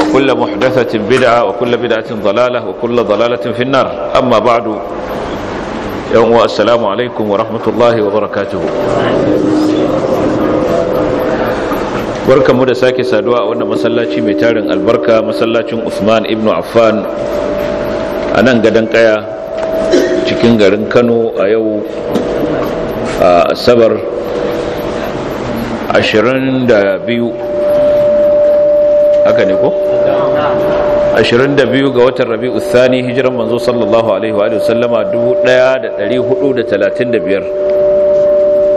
وكل محدثة بدعة وكل بدعة ضلالة وكل ضلالة في النار أما بعد يوم السلام عليكم ورحمة الله وبركاته barkanmu da sake saduwa a wannan masallaci mai tarin albarka masallacin Usman ibn Affan a nan gadon kaya cikin garin Kano a yau a Asabar 22 haka ne ko 22 ga watan rabi'u thani hijiran manzo sallallahu alaihi wa sallama 1435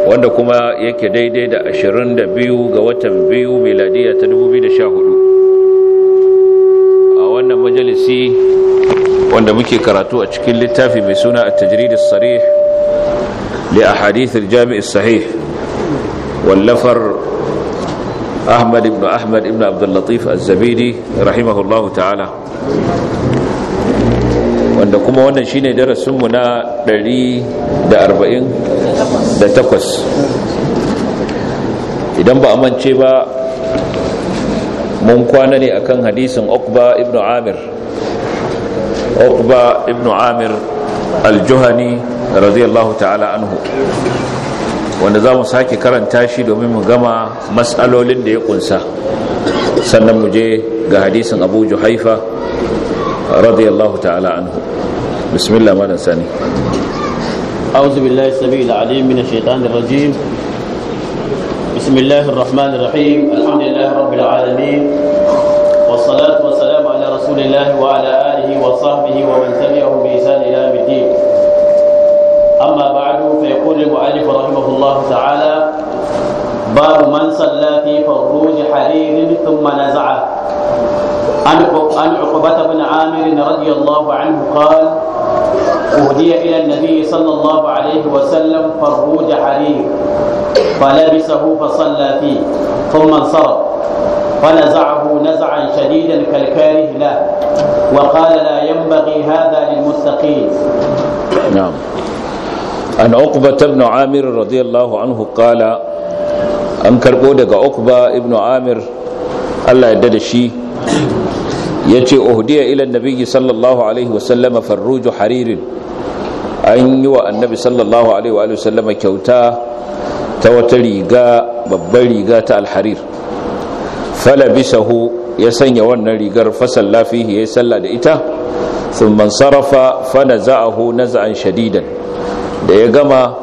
wanda kuma yake daidai da 22 ga watan biyu miladiya ta 2014 a wannan majalisi wanda muke karatu a cikin littafi mai suna at-tajrid as-sarih li ahadith al-jami' as-sahih wallafar أحمد بن أحمد بن عبد اللطيف الزبيدي رحمه الله تعالى wanda kuma wannan shine darasinmu na ɗari da takwas idan ba a amince ba mun kwana ne akan hadisin Uqba ibn Amir Uqba ibn Amir al-Juhani ta'ala anhu wanda za mu sake karanta shi domin mu gama matsalolin da ya kunsa sannan mu je ga hadisin abu juhaifa radiyallahu ta'ala anhu bismillah madan sani a'udhu billahi sabila alim min ash-shaytanir rajim bismillahir rahmanir rahim alhamdulillahi rabbil alamin was salatu was salamu ala rasulillahi wa ala alihi wa sahbihi wa man tabi'ahu bi ihsan ila yawmiddin amma ba'd يقول المؤلف رحمه الله تعالى باب من صلى في فروج حرير ثم نزعه عن عقبة بن عامر رضي الله عنه قال أهدي إلى النبي صلى الله عليه وسلم فروج حرير فلبسه فصلى فيه ثم انصرف فنزعه نزعا شديدا كالكاره له وقال لا ينبغي هذا للمستقيم نعم an uqba ibn amir radiyallahu anhu qala an karbo daga uqba ibn amir Allah yadda da shi yace uhdiya ila nabiyyi sallallahu alaihi wa sallama farruju haririn an yi wa annabi sallallahu alaihi wa kyauta ta wata riga babbar riga ta alharir falabisahu ya sanya wannan rigar fasalla fihi yayi sallah da ita thumma sarafa fa naza'ahu naza'an shadidan da ya gama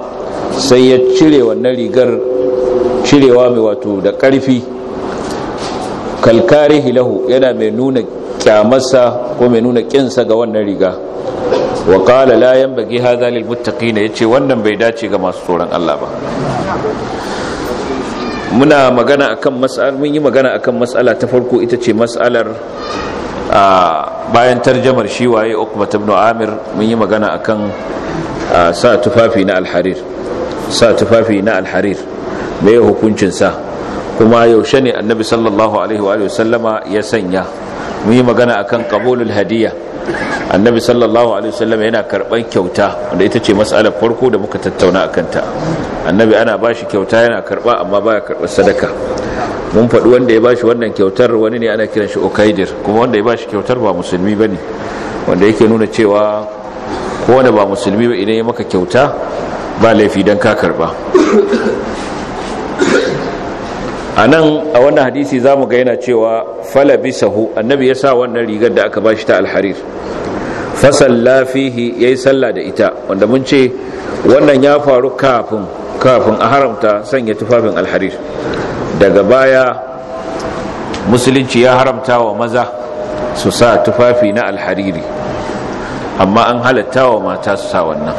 sai ya cire wannan rigar cirewa mai wato da ƙarfi kalkare hilahu yana mai nuna kyamarsa ko mai nuna ƙinsa ga wannan riga wa ƙala layan bagi haza ne ya ce wannan bai dace ga masu tsoron Allah ba muna magana akan matsala mun yi magana akan mas'ala ta farko ita ce mas'alar bayan tarjamar shi waye Uqba ibn Amir mun yi magana akan sa tufafi na alharir sa tufafi na alharir mai hukuncin sa kuma yaushe ne annabi sallallahu alaihi wa sallama ya sanya mu yi magana akan qabulul hadiya annabi sallallahu alaihi wasallam yana karban kyauta wanda ita ce mas'alar farko da muka tattauna akan ta annabi ana bashi kyauta yana karba amma baya karbar sadaka mun faɗi wanda ya bashi wannan kyautar wani ne ana kiran shi okaidir kuma wanda ya bashi kyautar ba musulmi bane wanda yake nuna cewa ko wanda ba musulmi ba idan ya maka kyauta ba laifi don ka karba a nan a wannan hadisi za mu ga yana cewa fala bisahu. annabi ya sa wannan rigar da aka bashi ta alharir fasalla lafihi ya yi sallah da ita wanda mun ce wannan ya faru kafin kafin a haramta sanya tufafin alharir daga baya musulunci ya haramta wa maza su sa tufafi na alhariri amma an halatta wa mata su sa wannan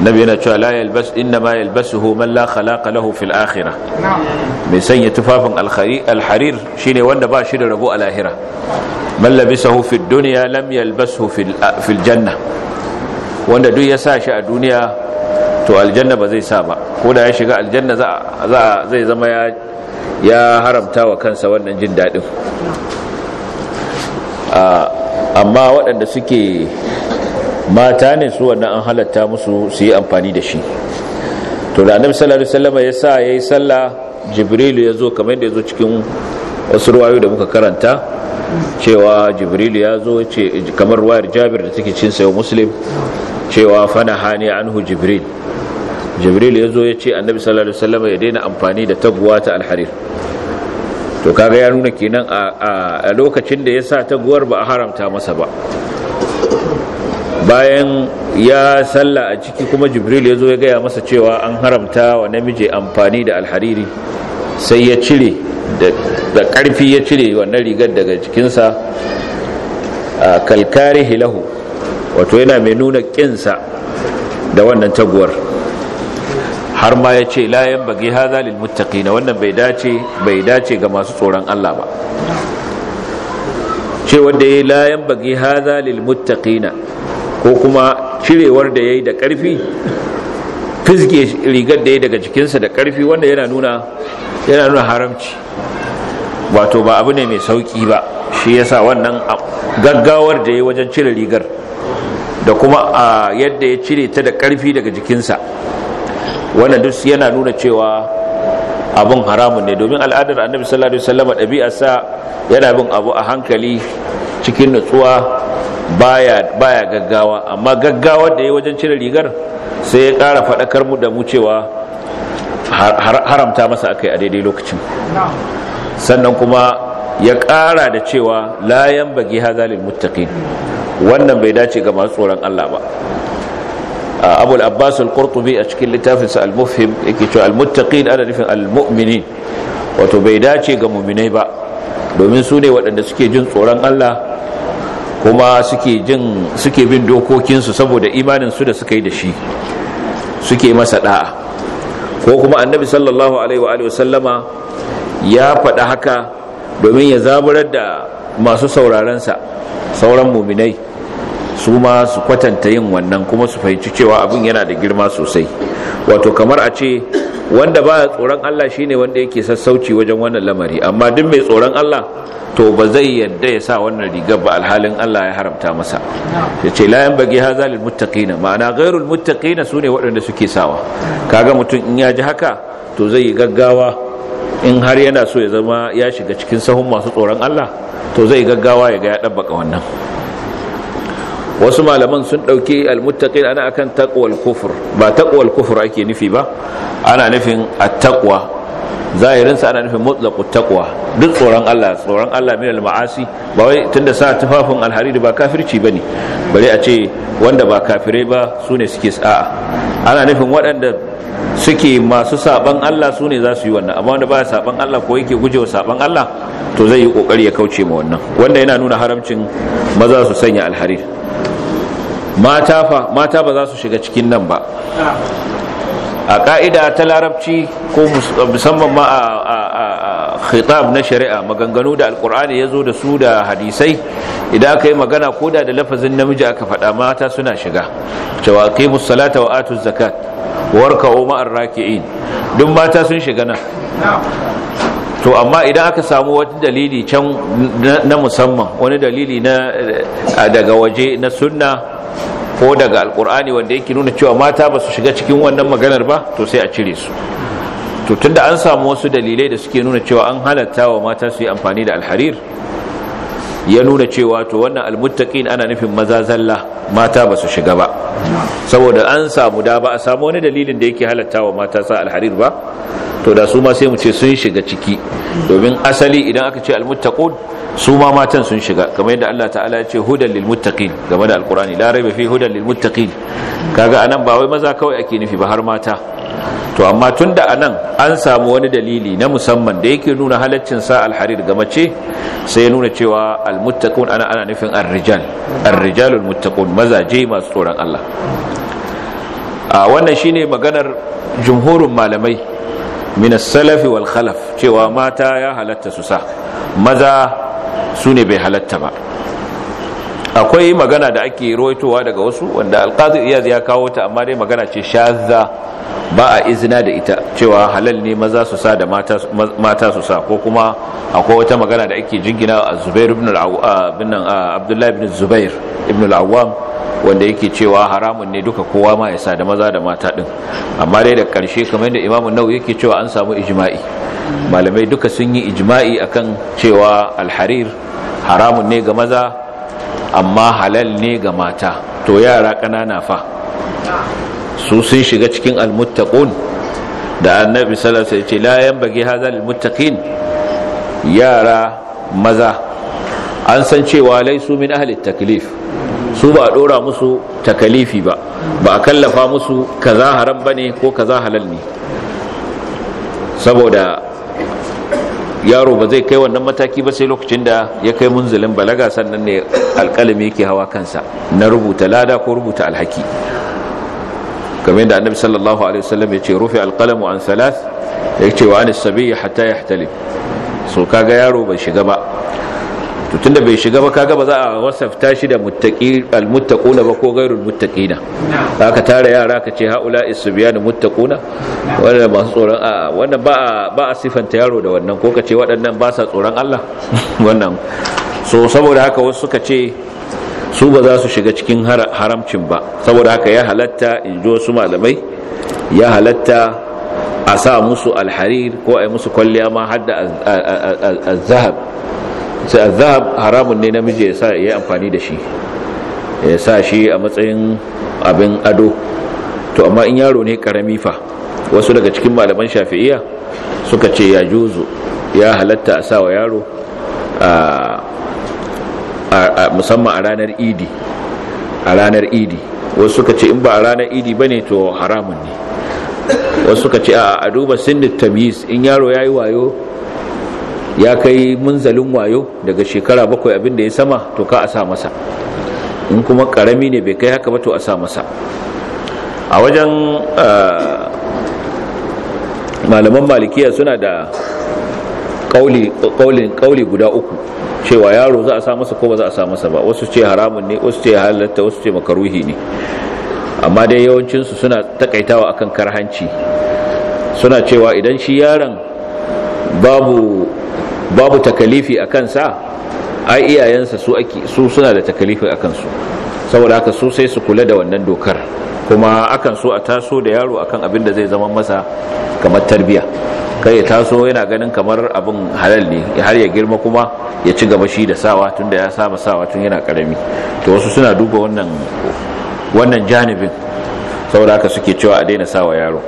annabi yana cewa la yalbas inna ma yalbasuhu man la khalaqa lahu fil akhirah mai sanya tufafin alharir shine wanda ba shi da rabo a lahira man labisahu fid dunya lam yalbashu fil janna wanda duk ya sa shi a duniya to aljanna ba zai sa ba ko da ya shiga aljanna za zai zama ya ya haramta wa kansa wannan jin dadin amma waɗanda suke mata ne su wannan an halatta musu su yi amfani da shi to da annabi sallallahu alaihi wasallam ya sa yayi sallah jibril ya zo kamar yadda ya zo cikin wasu ruwayoyi da muka karanta cewa jibril ya zo ce kamar ruwayar jabir da take cin sayo muslim cewa fana hani anhu jibril jibril ya zo ya ce annabi sallallahu alaihi wasallam ya daina amfani da taguwa ta alharir to kaga ya nuna kenan a lokacin da ya sa taguwar ba a haramta masa ba bayan ya salla a ciki kuma jibril ya zo ya gaya masa cewa an haramta wa namiji amfani da alhariri sai ya cire da ƙarfi ya cire wannan rigar daga jikinsa a kalkare hilahu wato yana mai nuna ƙinsa da wannan taguwar har ma ya ce layan bagi haza lil muttaqina wannan bai dace bai dace ga masu tsoron Allah ba ce wanda yayi layan bagi haza lil muttaqina ko kuma cirewar da yayi da karfi fizge rigar da yayi daga jikinsa da karfi wanda yana nuna yana nuna haramci wato ba abu ne mai sauki ba shi yasa wannan gaggawar da yayi wajen cire rigar da kuma yadda ya cire ta da karfi daga jikinsa wannan duk yana nuna cewa abun haramun ne domin al'adar annabi sallallahu alaihi wasallam dabi'arsa yana bin abu a hankali cikin nutsuwa baya baya gaggawa amma gaggawa da ya wajen cire rigar sai ya ƙara faɗakar mu da mu cewa haramta masa akai a daidai lokacin sannan kuma ya ƙara da cewa layan bagi hazalil muttaqin wannan bai dace ga masu tsoron Allah ba abul abbas al-qurtubi a cikin littafin sa al-mufhim yake cewa al-muttaqin ana nufin al-mu'minin wato bai dace ga mu'minai ba domin su ne waɗanda suke jin tsoron Allah kuma suke jin suke bin dokokinsu saboda imanin su da suka yi da shi suke masa da'a ko kuma annabi sallallahu alaihi wa alihi sallama ya faɗa haka domin ya zaburar da masu sauraron sa sauran mu'minai su ma su kwatanta yin wannan kuma su fahimci cewa abin yana da girma sosai wato kamar a ce wanda ba tsoron Allah shi ne wanda yake sassauci wajen wannan lamari amma duk mai tsoron Allah to ba zai yadda ya sa wannan rigar ba alhalin Allah ya haramta masa ya ce 'Layan bage ha zalil muttaqina ma'ana ghairul muttaqina sune waɗanda suke sawa kaga mutum in ya ji haka to zai yi gaggawa in har yana so ya zama ya shiga cikin sahun masu tsoron Allah to zai gaggawa ya ga ya dabbaka wannan wasu malaman sun ɗauki almuttaqin ana akan taqwal kufur ba taqwal kufur ake nufi ba ana nufin at-taqwa zahirin sa ana nufin mutlaqu taqwa duk tsoron Allah tsoron Allah min al-ma'asi ba wai tunda sa tufafin al alhariri ba kafirci bane bare a ce wanda ba kafirai ba sune suke sa'a ana nufin waɗanda suke masu saban Allah sune za su yi wannan amma wanda ba saban Allah ko yake gujewa saban Allah to zai yi kokari ya kauce ma wannan wanda yana nuna haramcin maza su sanya al alhariri mata fa ba za su shiga cikin nan ba a ka'ida ta larabci ko musamman ma a khitab na shari'a maganganu da alkur'ani ya zo da su da hadisai idan aka yi magana ko da lafazin namiji aka faɗa mata suna shiga cewa ke musalata wa atus zakat o ma'ar raki'in duk mata sun shiga nan to amma idan aka samu wani dalili can na musamman wani dalili na daga waje na sunna ko daga alkur'ani wanda yake nuna cewa mata ba su shiga cikin wannan maganar ba to sai a cire su to tunda an samu wasu dalilai da suke nuna cewa an halatta wa mata su yi amfani da alharir ya nuna cewa to wannan almuttaqin ana nufin maza zalla mata ba su shiga ba saboda an samu da ba a samu wani dalilin da yake halatta wa mata sa alharir ba to da su ma sai mu ce sun shiga ciki domin asali idan aka ce almuttaqun su ma matan sun shiga kamar yadda Allah ta'ala ya ce hudan lil muttaqin game da alqur'ani la raiba fi hudan lil muttaqin kaga anan ba wai maza kawai ake nufi ba har mata to amma tun da anan an samu wani dalili na musamman da yake nuna halaccin sa alharir ga mace sai ya nuna cewa almuttaqun ana ana nufin ar-rijal ar-rijalul muttaqun mazaje masu tsoron Allah a wannan shine maganar jumhurun malamai min as-salaf wal khalaf cewa mata ya halatta su sa maza su ne bai halatta ba akwai magana da ake rawaitowa daga wasu wanda alqadi iyaz ya kawo ta amma dai magana ce shaza ba a izina da ita cewa halal ne maza su sa da mata su sa ko kuma akwai wata magana da ake jingina a zubair ibn abdullahi ibn zubair ibn al'awam wanda yake cewa haramun ne duka kowa ma ya sa da maza da mata din amma dai da karshe kamar da imamu nau yake cewa an samu ijima'i malamai duka sun yi ijma'i akan cewa alharir haramun ne ga maza amma halal ne ga mata to yara ƙanana fa su sun shiga cikin almuttaqun da annabi sallallahu alaihi wasallam ya ce la yanbaghi hadha lilmuttaqin yara maza an san cewa laisu min ahli taklif su ba a dora musu takalifi ba ba a kallafa musu kaza haram bane ko kaza halal ne saboda yaro ba zai kai wannan mataki ba sai lokacin da ya kai munzulin balaga sannan ne alƙalami yake hawa kansa na rubuta lada ko rubuta alhaki kamar yadda annabi sallallahu alaihi wasallam ya ce rufe alƙalamu an salas ya ce wa anis sabiyya hatta yahtalim so kaga yaro bai shiga ba to tunda bai shiga ba kaga ba za a wasafta shi da muttaqi almuttaquna ba ko gairul muttaqina ka tare yara ka ce haula isyanu muttaquna wannan masu tsoron a wannan ba ba a sifanta yaro da wannan ko ka ce waɗannan ba sa tsoron Allah wannan so saboda haka wasu suka ce su ba za su shiga cikin haramcin ba saboda haka ya halatta in ji wasu malamai ya halatta a sa musu alharir ko a yi musu kwalliya ma hadda zahab sai azhab haramun ne namiji ya sa ya amfani da shi ya sa shi a matsayin abin ado to amma in yaro ne karami fa wasu daga cikin malaman shafi'iyya suka ce ya juzu ya halatta a sa wa yaro a musamman a ranar idi a ranar idi wasu suka ce in ba a ranar idi ba ne to haramun ne wasu suka ce a duba sinnin tamyiz in yaro ya yi wayo ya kai munzalin wayo daga shekara bakwai abin da ya sama to ka a sa masa in kuma karami ne bai kai haka ba to a sa masa a wajen malaman malikiya suna da kauli guda uku cewa yaro za a sa masa ko ba za a sa masa ba wasu ce haramun ne wasu ce halatta wasu ce makaruhi ne amma dai yawancinsu suna takaitawa akan karhanci suna cewa idan shi yaron babu babu takalifi a kansa ai iyayensa su suna da takalifi a kansu saboda haka su sai su kula da wannan dokar kuma akan so a taso da yaro akan abin da zai zama masa kamar tarbiya kai ya taso yana ganin kamar abin halal ne har ya girma kuma ya ci gaba shi da sawa tun da ya saba sawa tun yana karami to wasu suna duba wannan wannan janibin saboda haka suke cewa a daina sawa yaro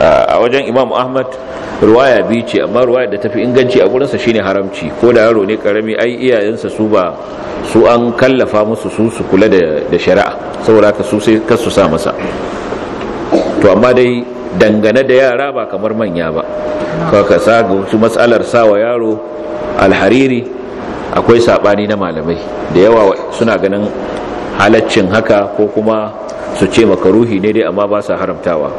a wajen imam ahmad ruwaya biyu ce amma ruwaya da tafi inganci a gurinsa shine haramci ko da yaro ne karami ai iyayensa su ba su an kallafa musu su su kula da shari'a saboda haka su sai su sa masa to amma dai dangane da yara ba kamar manya ba kaka sa ga wasu matsalar sawa yaro alhariri akwai sabani na malamai da yawa suna ganin halaccin haka ko kuma su ce makaruhi ne dai amma ba su haramtawa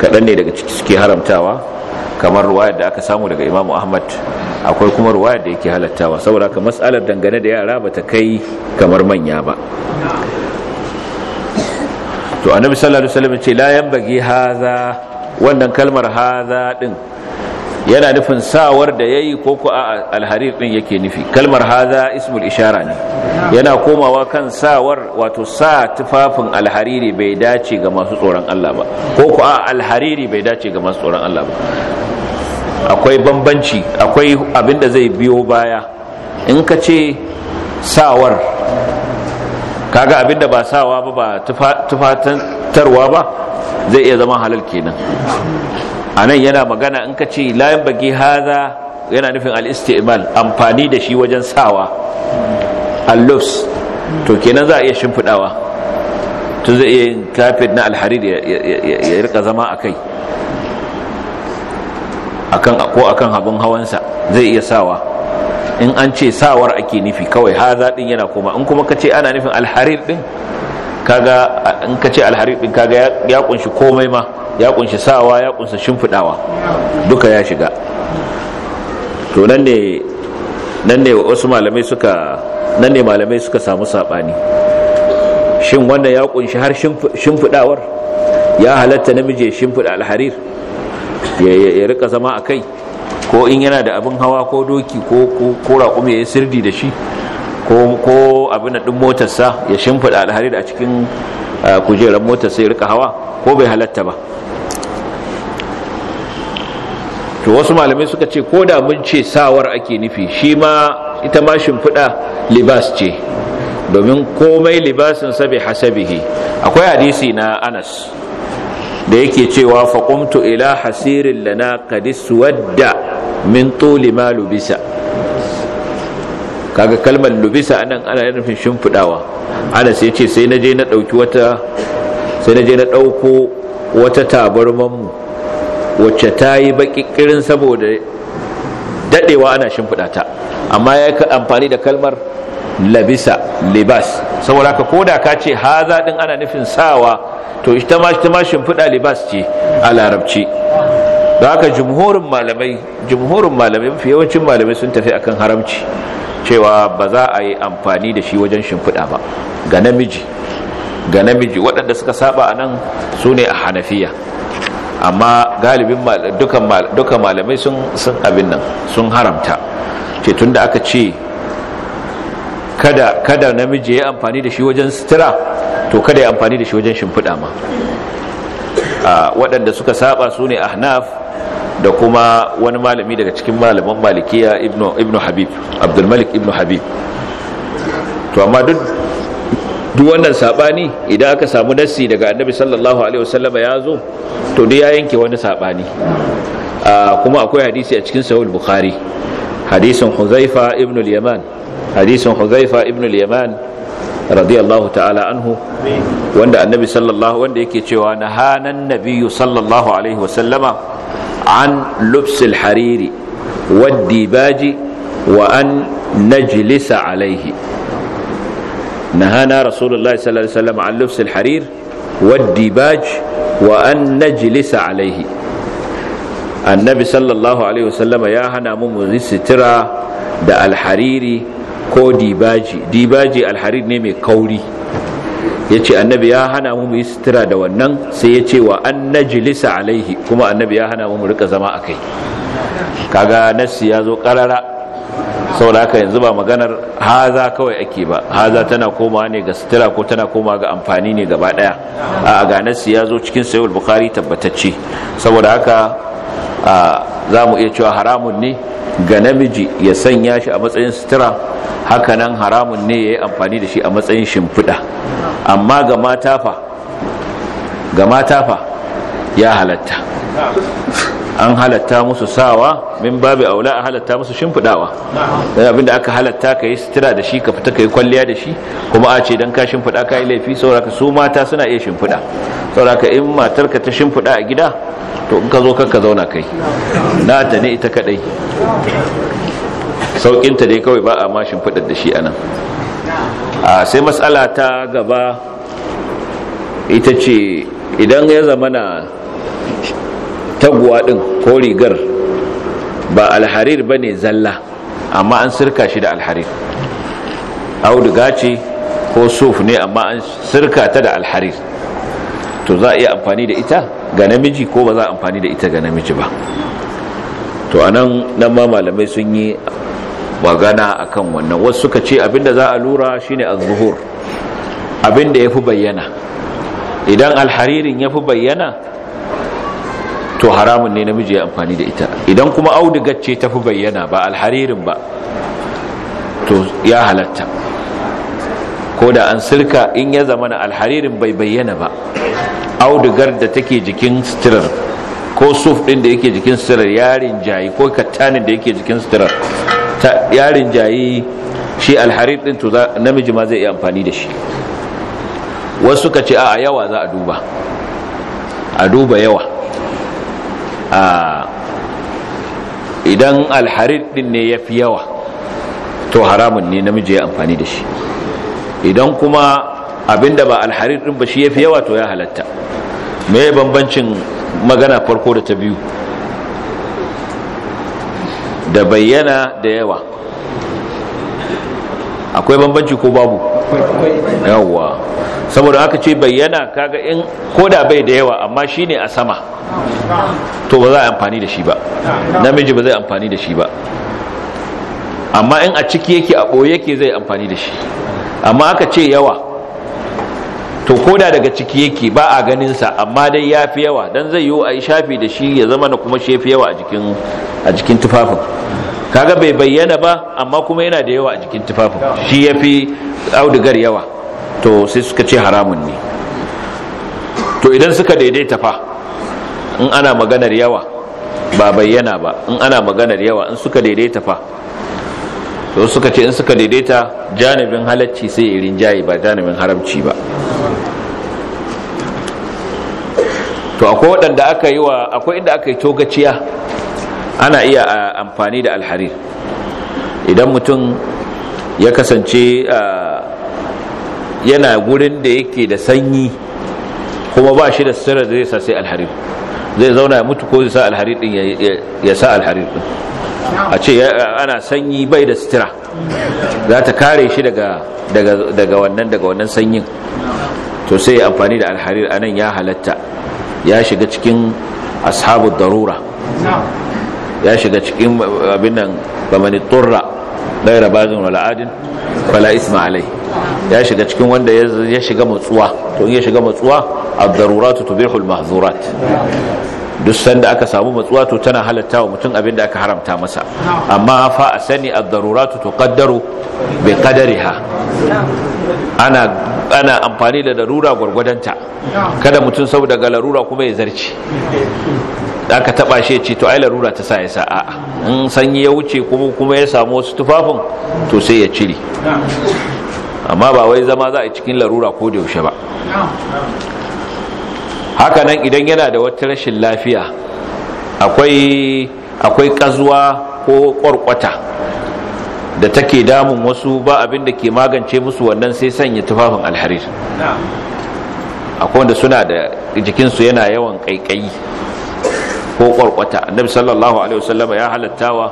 kaɗan ne daga ciki suke haramtawa kamar ruwayar da aka samu daga imamu ahmad akwai kuma ruwayar da yake halattawa saboda ka matsalar dangane da yara ba ta kai kamar manya ba to annabi sallallahu alaihi wasallam ce la yanbaghi hadha wannan kalmar haza din yana nufin sawar da yayi ko ku a alharir din yake nufi kalmar haza ismul ishara ne yana komawa kan sawar wato sa tufafin alhariri bai dace ga masu tsoron Allah ba ko ku a alhariri bai dace ga masu tsoron Allah ba akwai bambanci akwai abin da zai biyo baya in ka ce sawar kaga abin da ba sawa ba ba tufatantarwa ba zai iya zama halal kenan A anan yana magana in ka ce layan bagi haza yana nufin al-istimal amfani da shi wajen sawa allus to kenan za a iya shimfidawa to zai iya yin kafin na alharir ya rika zama a kai ko a kan abin hawansa zai iya sawa in an ce sawar ake nufi kawai haza din yana koma in kuma ka ce ana nufin alharir din kaga in ka ce alharir din kaga ya kunshi komai ma ya kunshi sawa ya kunsa shimfidawa duka ya shiga to nan ne nan ne wasu malamai suka nan ne malamai suka samu sabani shin wanda ya kunshi har shimfidawar ya halatta namiji ya shimfida alharir ya rika zama a kai ko in yana da abin hawa ko doki ko ko raƙumi ya yi sirdi da shi ko abin da ɗin motarsa ya shimfida alharir a cikin kujerar mota sai rika hawa ko bai halatta ba to wasu malamai suka ce ko da mun ce sawar ake nufi shi ma ita ma shimfiɗa libas ce domin komai libasin sabi hasabihi akwai hadisi na anas da yake cewa faƙumtu ila hasirin lana kadis wadda min tuli malubisa kaga kalmar lubisa anan ana nufin shimfidawa anas ya ce sai na je na dauki wata sai na je na dauko wata mu wacce ta yi baƙiƙirin saboda daɗewa ana shimfiɗa amma ya yi amfani da kalmar labisa libas saboda ka koda ka ce haza ɗin ana nufin sawa to ita ma ita ma shimfiɗa libas ce a larabci da haka jumhurin malamai jumhurin malamai mafi yawancin malamai sun tafi akan haramci cewa ba za a yi amfani da shi wajen shimfiɗa ba ga namiji ga namiji waɗanda suka saba a nan su ne a hanafiya amma galibin duka malamai sun abin nan sun haramta ce tun da aka ce kada, kada namiji ya amfani da shi wajen sutura to kada ya amfani da shi wajen shimfiɗa ma waɗanda suka saba su ne a hanaf da kuma wani malami daga cikin malaman malikiya ibnu habib abdulmalik ibnu habib to amma duk duk wannan sabani idan aka samu nassi daga annabi sallallahu alaihi wasallama ya zo to duk ya yanke wani sabani kuma akwai hadisi a cikin sahih bukhari hadisin huzaifa ibn al-yaman hadisin huzaifa ibn al-yaman radiyallahu ta'ala anhu wanda annabi sallallahu wanda yake cewa nahanan nabiyyu sallallahu alaihi wasallama عن لبس الحرير والديباج وأن نجلس عليه نهانا رسول الله صلى الله عليه وسلم عن لبس الحرير والديباج وأن نجلس عليه النبي صلى الله عليه وسلم يا هنا ممزي سترى da alhariri ko dibaji dibaji alhariri ne mai kauri ya ce annabi ya hana mu yi sutura da wannan sai ya ce wa an jilisa alaihi kuma annabi ya hana mu rika zama a kai kaga nassi ya zo karara saboda haka yanzu ba maganar haza kawai ake ba haza tana koma ne ga sutura ko tana koma ga amfani ne gaba daya a ga nassi ya zo cikin sayyid bukhari tabbatacce saboda haka za mu iya cewa haramun ne ga namiji ya sanya shi a matsayin sutura hakanan haramun ne ya yi amfani da shi a matsayin shimfiɗa amma ga matafa fa ya halatta an halatta musu sawa min babu aula a halatta musu shimfiɗawa don abinda aka halatta ka yi sutura da shi ka fita ka yi kwalliya da shi kuma a ce don ka shimfiɗa ka yi laifi sauraka su mata suna iya shimfiɗa sauraka in matarka ta shimfiɗa a gida to in ka zo kanka zauna kai na ta ne ita kadai saukinta dai kawai ba a mashin fadar da shi anan sai matsala ta gaba ita ce idan ya zama na taguwa din ko rigar ba alharir ba ne zalla amma an sirka shi da alharir auduga ce ko suf ne amma an sirka ta da alharir to za a iya amfani da ita ga namiji ko ba za a amfani da ita ga namiji ba to anan nan ma malamai sun yi magana kan wannan wasu suka ce abinda za a lura shine al zuhur abinda ya fi bayyana idan alharirin fi bayyana to haramun ne namiji ya amfani da ita idan kuma audigar ce fi bayyana ba alharirin ba to ya halatta ko da an sirka in ya zama na alharirin bai bayyana ba audigar da take jikin sitirar ko suf din da yake jikin sitirar yarin jayi ko kattanin da yake jikin sitirar yarin jayi shi alharid din to namiji ma zai iya amfani da shi wasu suka ce a yawa za a duba a duba yawa idan alharid din ne ya fi yawa to haramun ne namiji ya amfani da shi idan kuma abinda ba alharir din ba shi yafi yawa to ya halatta me bambancin magana farko da ta biyu da bayyana da yawa akwai bambanci ko babu yawa saboda haka ce bayyana kaga in koda bai da yawa amma shine a sama to ba za a amfani da shi ba namiji ba zai amfani da shi ba amma in a ciki yake a ɓoye yake zai amfani da shi amma aka ce yawa to koda daga ciki yake ba a ganin sa amma dai ya fi yawa dan zai yiwu a shafi da shi ya zama na kuma shi ya fi yawa a jikin a jikin tufafin kaga bai bayyana ba amma kuma yana da yawa a jikin tufafin shi ya fi audugar yawa to sai suka ce haramun ne to idan suka daidaita fa in ana maganar yawa ba bayyana ba in ana maganar yawa in suka daidaita fa to suka ce in suka daidaita janibin halacci sai irin jayi ba janibin haramci ba to akwai waɗanda aka yi wa akwai inda aka yi togaciya ana iya amfani da alharir idan mutum ya kasance yana gurin da yake da sanyi kuma ba shi da sirra zai sa sai alharir zai zauna ya mutu ko zai sa alharir din ya sa alharir din a ce ana sanyi bai da sitira za ta kare shi daga wannan daga wannan sanyin to sai amfani da alharir anan ya halatta ya shiga cikin ashabu darura ya shiga cikin abin nan bamani turra gaira bazin wala adin wala isma alai ya shiga cikin wanda ya shiga matsuwa to in ya shiga matsuwa ad-daruratu tubihul mahzurat duk sanda aka samu matsuwa to tana halatta wa mutum abin da aka haramta masa amma fa a sani ad-daruratu tuqaddaru bi qadariha ana ana amfani da darura gwargwadonta kada mutum saboda ga larura kuma ya zarci aka taba shi ce to ai larura ta sa ya sa a'a in sanyi ya wuce kuma kuma ya samu wasu tufafin to sai ya cire amma ba wai zama za a cikin larura ko da yaushe ba hakanan idan yana da wata rashin lafiya akwai akwai kazuwa ko ƙwarƙwata da take damun wasu ba abin da ke magance musu wannan sai sanya tufafin alharir akwai wanda suna da jikinsu yana yawan kaikayi ko kwarkwata annabi sallallahu alaihi wasallama ya halattawa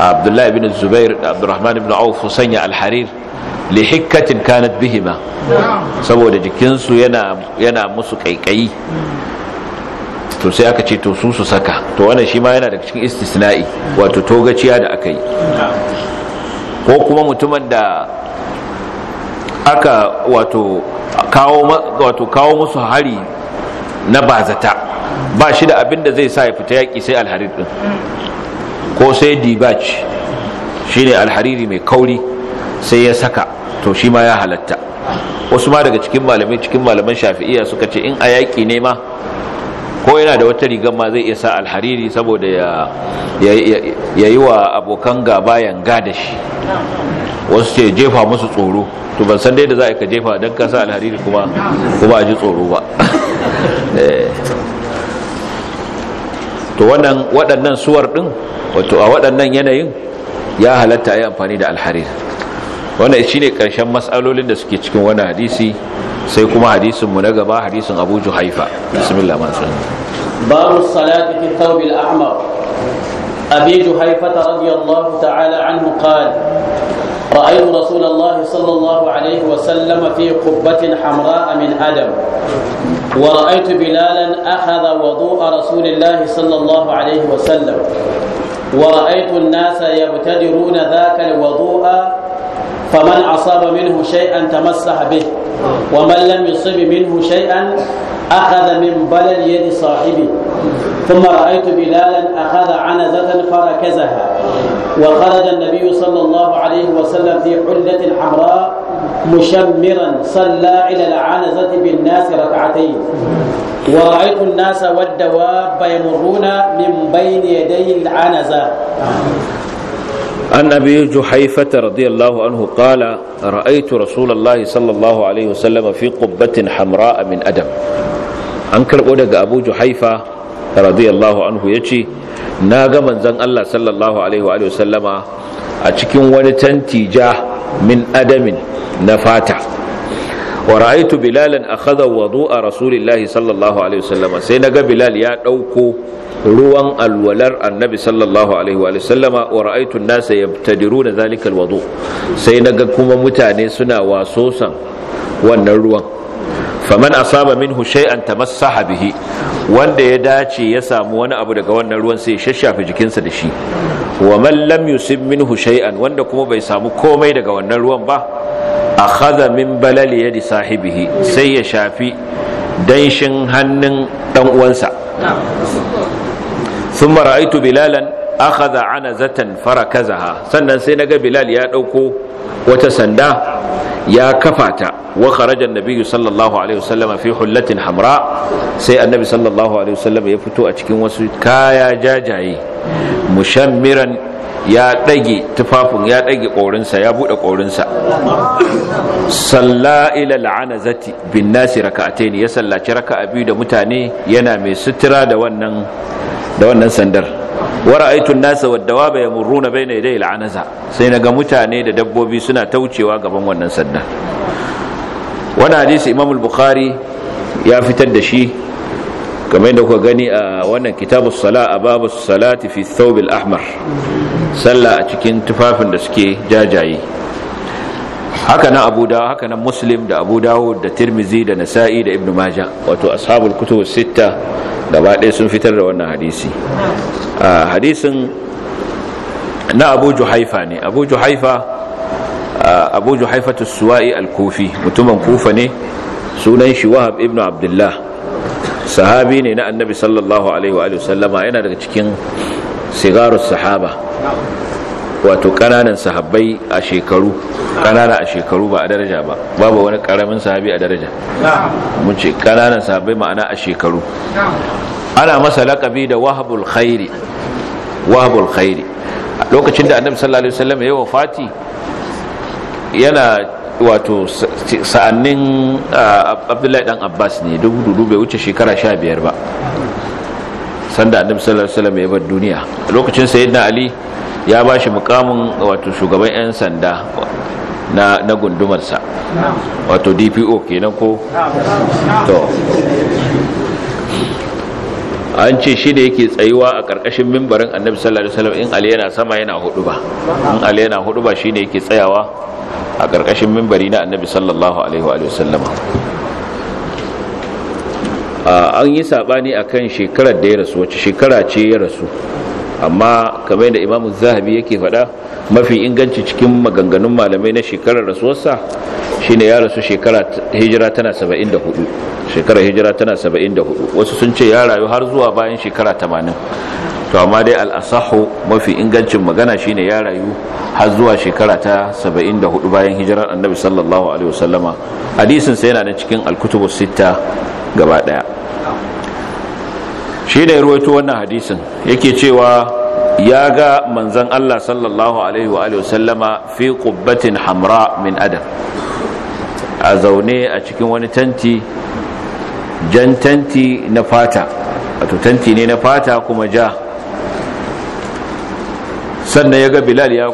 abdullahi ibn zubair da abdurrahman bin auf sanya alharir lihikkatin kanat bihima saboda jikinsu yana musu kaikayi to sai aka ce to su su saka to wannan shi ma yana daga cikin istisna'i wato togaciya da aka yi ko kuma mutumin da aka wato kawo musu hari na bazata ba shi da abin da zai sa ya fita yaki sai alharir din ko sai dibaj shine alhariri mai kauri sai ya saka to shi ma ya halatta wasu ma daga cikin malamai cikin malaman shafi'iyya suka ce in a yaƙi ne ma ko yana da wata rigar ma zai iya sa alhariri saboda ya yi wa abokan gaba yanga da shi wasu ce jefa musu tsoro to ban san dai da za a ka jefa don ka sa alhariri kuma kuma a ji tsoro ba eh. to waɗannan suwar ɗin wato a waɗannan yanayin ya halatta ya amfani da alhariri wannan shine ƙarshen matsalolin da suke cikin wani hadisi sai kuma hadisin na gaba hadisin Abu Juhaifa bismillah ma babu salati fi thawb al-ahmar Abi Juhaifa radiyallahu ta'ala anhu qala رأيت رسول الله صلى الله عليه وسلم في قبة حمراء من أدم ورأيت بلالا أخذ وضوء رسول الله صلى الله عليه وسلم ورأيت الناس يبتدرون ذاك الوضوء فمن أصاب منه شيئا تمسح به ومن لم يصب منه شيئا أخذ من بلل يد صاحبه ثم رأيت بلالا أخذ عنزة فركزها وخرج النبي صلى الله عليه وسلم في حلة حمراء مشمرا صلى إلى العنزة بالناس ركعتين ورأيت الناس والدواب يمرون من بين يدي العنزة عن أبي جحيفة رضي الله عنه قال رأيت رسول الله صلى الله عليه وسلم في قبة حمراء من أدم أنكر أودك أبو جحيفة رضي الله عنه يجي ناغا من زن الله صلى الله عليه وآله وسلم أتكين ونتنتي جاه من أدم نفاته wa ra'aytu bilalan akhadha wudu'a rasulillahi sallallahu alaihi wasallam sai naga bilal ya dauko ruwan alwalar annabi sallallahu alaihi wa sallama wa ra'aytu an-nasa yabtadiruna zalika alwudu sai naga kuma mutane suna wasosan wannan ruwan faman asaba minhu shay'an tamassaha bihi wanda ya dace ya samu wani abu daga wannan ruwan sai ya shashafe jikinsa da shi wa man lam yusib minhu shay'an wanda kuma bai samu komai daga wannan ruwan ba akhadha min balali yadi sahibihi sai ya shafi danshin hannun dan uwansa thumma ra'aytu bilalan akhadha anazatan farakazaha sannan sai naga bilal ya dauko wata sanda ya kafa ta wa kharaja annabi sallallahu alaihi wasallam fi hullatin hamra sai annabi sallallahu alaihi wasallam ya fito a cikin wasu kaya jajaye mushammiran ya ɗage tufafin ya ɗage ƙorinsa ya buɗe ƙorinsa salla ila zati bin nasi raka'atayn ya sallaci raka'a biyu da mutane yana mai sutura da wannan da wannan sandar wa ra'aytu an-nasa wad na yamurruna da yaday al'anaza sai ga mutane da dabbobi suna ta wucewa gaban wannan sandar Wani hadisi imamul bukhari ya fitar da shi game da kuka gani a wannan kitabus sala a babus salati fi thawbil ahmar sallah a cikin tufafin da suke jajaye haka nan abu haka nan muslim da abu da tirmizi da nasa'i da Ibn maja wato ashabul kutub sitta gaba ɗaya sun fitar da wannan hadisi hadisin na abu juhaifa ne abu juhaifa abu juhaifatu suwa'i al-kufi mutumin kufa ne sunan shi wahab ibnu abdullah sahabi ne na annabi sallallahu alaihi wa sallama yana daga cikin sigarus sahaba wato kananan sahabbai a shekaru kanana a shekaru ba a daraja ba babu wani karamin sahabi a daraja mun ce kananan sahabbai ma'ana a shekaru ana masa lakabi da wahabul khairi wahabul khairi lokacin da annabi sallallahu alaihi wasallam ya wafati yana wato sa'annin ah, abdullahi dan abbas ne dubu dubu bai wuce shekara 15 ba sanda annabi sallallahu alaihi wasallam ya bar duniya lokacin sayyidina ali ya ba shi mukamin wato shugaban 'yan sanda na, na gundumarsa wato dpo kenan ko to an ce shi da yake tsayuwa a ƙarƙashin mimbarin annabi sallallahu alaihi wasallam in ali yana sama yana hudu ba in ali yana hudu ba shine yake tsayawa a ƙarƙashin mimbari na annabi sallallahu alaihi wasallama an yi sabani akan shekarar da ya rasu wacce shekara ce ya rasu amma kamar yadda imamu zahabi yake faɗa mafi inganci cikin maganganun malamai na shekarar rasuwarsa shine ya rasu shekara hijira tana saba'in da hudu. shekarar hijira tana saba'in da hudu. wasu sun ce ya rayu har zuwa bayan shekara tamanin. to amma dai al'asahu mafi ingancin magana shine ya rayu har zuwa shekara ta saba'in da hudu bayan hijirar annabi sallallahu alaihi wasallama hadisinsa yana da cikin al-kutubus sitta gaba daya shi da ya ruwaito wannan hadisin yake cewa ya ga manzan Allah sallallahu alaihi wa fi kubbatin hamra min adam a zaune a cikin wani tanti jan tanti na fata wato tanti ne na fata kuma ja sannan ya ga bilal ya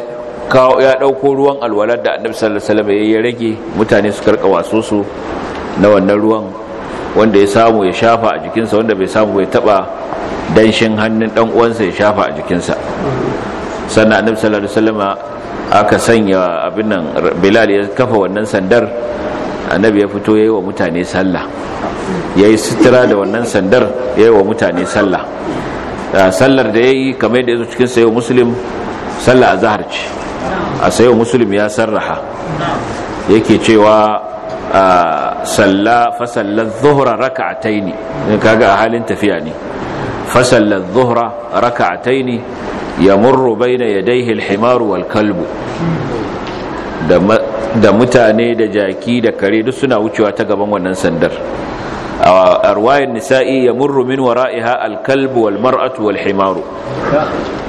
kawo ya dauko ruwan alwalar da annabi sallallahu alaihi wasallam ya rage mutane su karka waso su na wannan ruwan wanda ya samu ya shafa a jikinsa wanda bai samu ya taba danshin hannun dan uwansa ya shafa a jikinsa sannan annabi sallallahu alaihi wasallama aka sanya abin nan bilal ya kafa wannan sandar annabi ya fito yayi wa mutane sallah yayi sitira da wannan sandar yayi wa mutane sallah sallar da yayi kamar da yazo cikin sayo muslim sallah azhar ce a sayo muslim ya sarraha yake cewa salla fa salla raka'ataini eh, kaga a halin tafiya ne fa zuhra raka'ataini yamurru baina yadayhi al wal kalbu da mutane da jaki da kare duk suna wucewa ta gaban wannan sandar a nisa'i ya murru min wara'iha alkalbu wal mar'atu wal himaru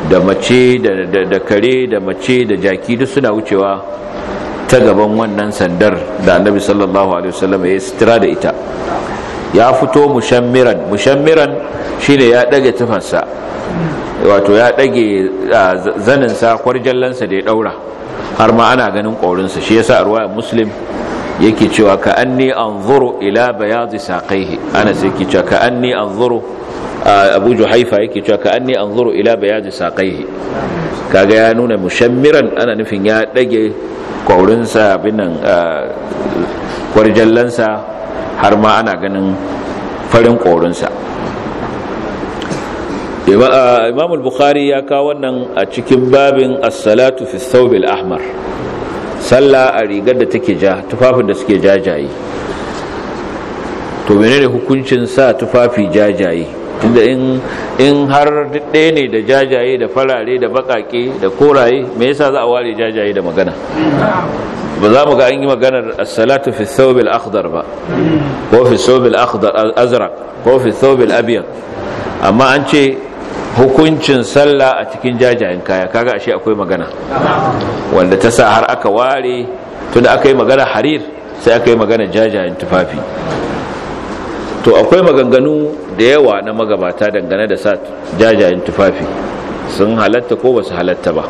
da mace da kare da mace da jaki duk suna wucewa ta gaban wannan sandar da annabi sallallahu alaihi wasallam ya sitira da ita ya fito mushammiran mushammiran shine ya dage tufansa wato ya dage zaninsa kwarjallansa da ya daura har ma ana ganin ƙorinsa shi yasa ruwayar muslim yake cewa ka anni anzuru ila bayadi saqaihi ana sai yake cewa ka anni anzuru abu juhaifa yake cewa ka anni anzuru ila bayadi saqaihi kaga ya nuna mushammiran ana nufin ya dage kwaurinsa binan kwarjallansa har ma ana ganin farin kwaurinsa imam bukhari ya kawo wannan a cikin babin assalatu fi saubil ahmar sallah a rigar da take ja tufafin da suke jajaye to menene hukuncin sa tufafi jajaye tunda in har dade ne da jajaye da farare da baƙaƙe da koraye me yasa za a ware jajaye da magana ba za mu ga an yi maganar as-salatu fi thawb akhdar ba ko fi thawb azraq ko fi thawb al amma an ce hukuncin sallah a cikin jajayen kaya kaga ashe akwai magana wanda ta sa har aka ware tunda aka yi magana harir sai aka yi magana jajayen tufafi to akwai maganganu da yawa na magabata dangane da sa jajayen tufafi sun halatta ko ba su halatta ba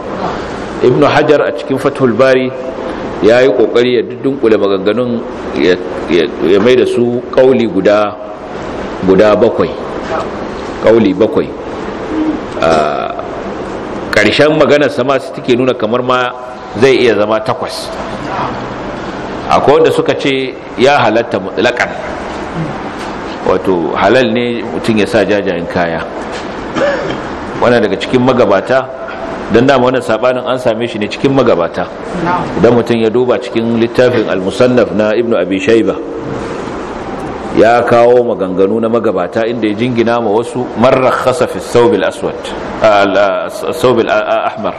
ibnu hajar a cikin fatul bari ya yi kokari ya dunkule maganganun ya mai da su kauli guda bakwai kauli bakwai a ƙarshen maganar sama su take nuna kamar ma zai iya zama takwas akwai wanda suka ce ya halatta mutlaƙan wato halal ne mutum ya sa jajayen kaya wannan daga cikin magabata don dama wannan sabanin an same shi ne cikin magabata idan mutum ya duba cikin littafin al-musannaf na ibnu abi shaiba ya kawo maganganu na magabata inda ya jingina ma wasu marar khasafi saubil aswad saubil ahmar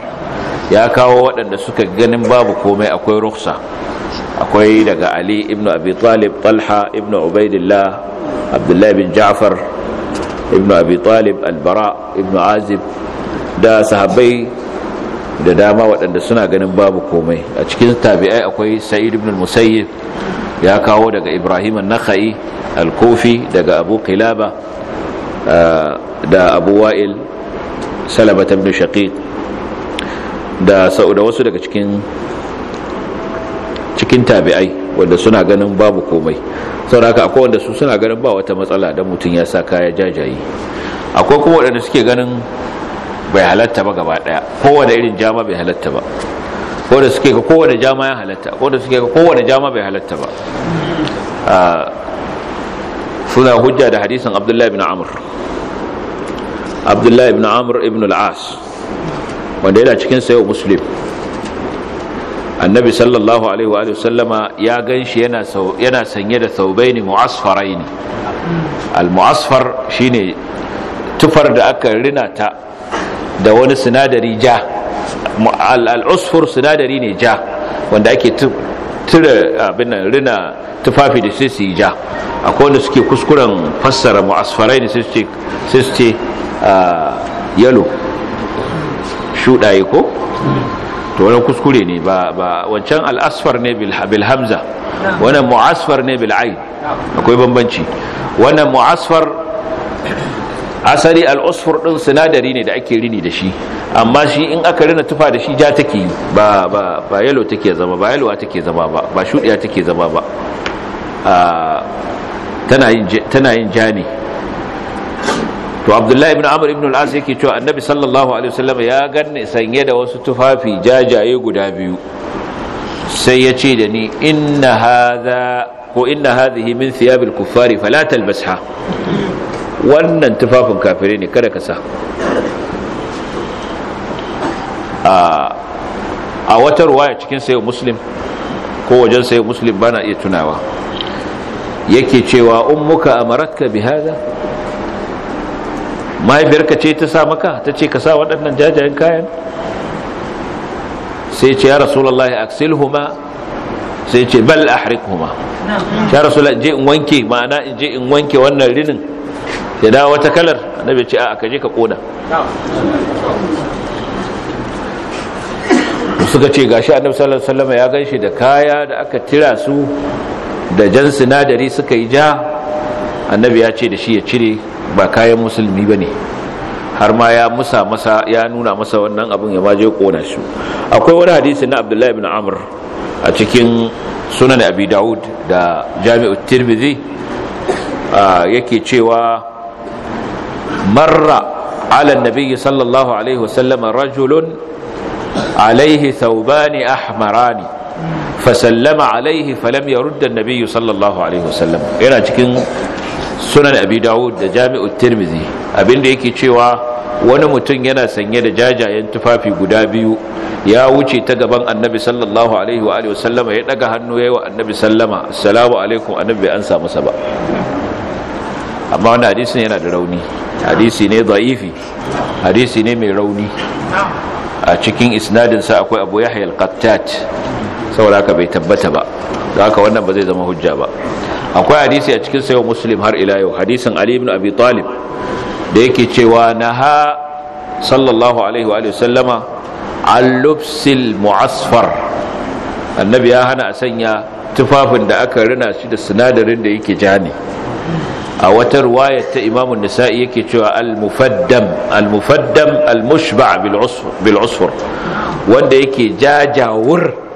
ya kawo waɗanda suka ganin babu komai akwai ruksa akwai daga ali ibn abi talib talha ibn ubaidillah abdullahi bin ja'far ibn abi talib albara ibn azib da sahabbai da dama waɗanda suna ganin babu komai a cikin tabi'ai akwai sa'id ibn musayyib ya kawo daga ibrahim an-nakhai al-kufi daga abu qilaba da abu wa'il salabata ibn shaqiq da wasu daga cikin cikin tabi'ai wanda suna ganin babu komai sau da akwai wanda su suna ganin ba wata matsala don mutum ya sa kaya jajaye akwai kuma waɗanda suke ganin bai halatta ba gaba ɗaya kowane irin jama bai halatta ba kowane suke ga kowane jama ya halatta kowane suke ga kowane jama bai halatta ba ah, suna hujja da hadisin abdullahi ibn Amur, abdullahi ibn Amur ibn al-as wanda yana cikin sayo muslim annabi sallallahu alaihi wa sallama ya ganshi yana yana sanye da thawbaini mu'asfaraini al-mu'asfar ne tufar da aka rina ta da wani sinadari ja al-usfur sinadari ne ja wanda ake tire abin rina tufafi da sai su yi ja akwai wanda suke kuskuren fassara mu'asfarai ne sai su ce ah, yalo shuɗaye ko to wani kuskure ne ba wancan al'asfar ne bil hamza wannan mu'asfar ne bil ain akwai bambanci wannan mu'asfar asali al'usfur din sinadari ne da ake rini da shi amma shi in aka rina tufa da shi ja take yi ba ba ba yellow take zama ba yellow take zama ba ba shudiya take zama ba ah, tana yin ja ne to abdullahi ibn amr ibn al yake cewa annabi sallallahu alaihi wasallam ya ganni sanye da wasu tufafi jajaye guda biyu sai ya ce da ni inna hadha ko inna hadhihi min thiyab kuffari fala talbasha wannan tufafin kafirai ne kada ka sa a wata ruwaya cikin sayo muslim ko wajen sayo muslim bana iya tunawa yake cewa ummuka amaratka bihadha mahaifiyarka ce ta sa maka ta ce ka sa waɗannan jajayen kayan sai ce ya aksil huma. sai ce bal huma. ya rasulullahi je in wanke ma'ana in je in wanke wannan rinin ya dawo wata kalar annabi ce a ka je ka koda suka ce gashi annabi sallallahu alaihi wasallam ya ganshi da kaya da aka tira su da jan sinadari suka yi ja annabi ya ce da shi ya cire ba kayan musulmi ba ne har ma ya musa masa ya nuna masa wannan abin ya maje kona shi akwai wani hadisi na abdullahi ibn amr a cikin sunan abi da jami'u tirmidhi yake cewa marra ala nabiyyi sallallahu alaihi wasallam rajulun alaihi thawbani ahmarani fasallama alaihi falam yarudda an-nabiyyu sallallahu alaihi wasallam yana cikin sunan abi dawud da jami'u tirmizi abinda yake cewa wani mutum yana sanye da jajayen tufafi guda biyu ya wuce ta gaban annabi sallallahu alaihi wa alihi wasallama ya daga hannu yayi wa annabi sallama assalamu alaikum annabi an samu sa ba amma wannan hadisin yana da rauni hadisi ne da'ifi hadisi ne mai rauni a cikin isnadinsa akwai abu yahya al-qattat saboda haka bai tabbata ba haka wannan ba zai zama hujja ba akwai hadisi a cikin sayo muslim har ila yau hadisin ali ibn abi talib da yake cewa naha sallallahu alaihi wa sallama al-lubsil mu'asfar annabi ya hana a sanya tufafin da aka rina shi da sinadarin da yake ja ne a wata ruwayar ta imamun nisa'i yake cewa al-mufaddam al-mufaddam al-mushba' bil usfur wanda yake jajawur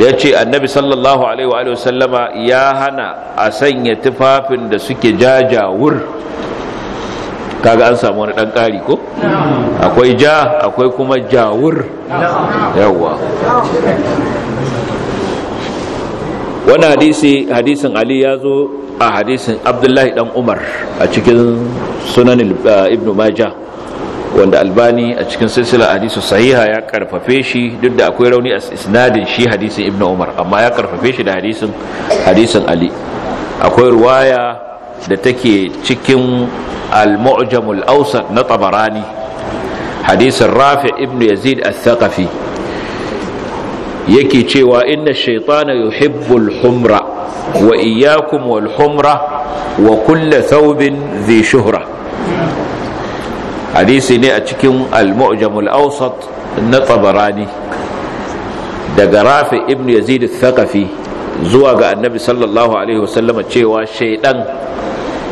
ya ce annabi sallallahu alaihi wa sallama ya hana a sanya tufafin da suke jajawur kaga an samu wani dan kari ko akwai ja akwai kuma jawur yawa wani hadisi hadisin ali ya zo a hadisin abdullahi dan umar a cikin sunan eh, ibn majah wanda albani a cikin silsila hadisu sahiha ya karfafe shi duk da akwai rauni a isnadin shi hadisin ibnu umar amma ya karfafe shi da hadisin hadisin ali akwai ruwaya da take cikin al-mu'jamul awsat na tabarani hadisin rafi ibnu yazid al-thaqafi yake cewa inna shaytana yuhibbul humra wa iyyakum wal humra wa kullu thawbin dhi shuhrah hadisi ne a cikin al-mu'jamul awsat na tabarani daga rafi ibn yazid al-thaqafi zuwa ga annabi sallallahu alaihi wasallam cewa shaidan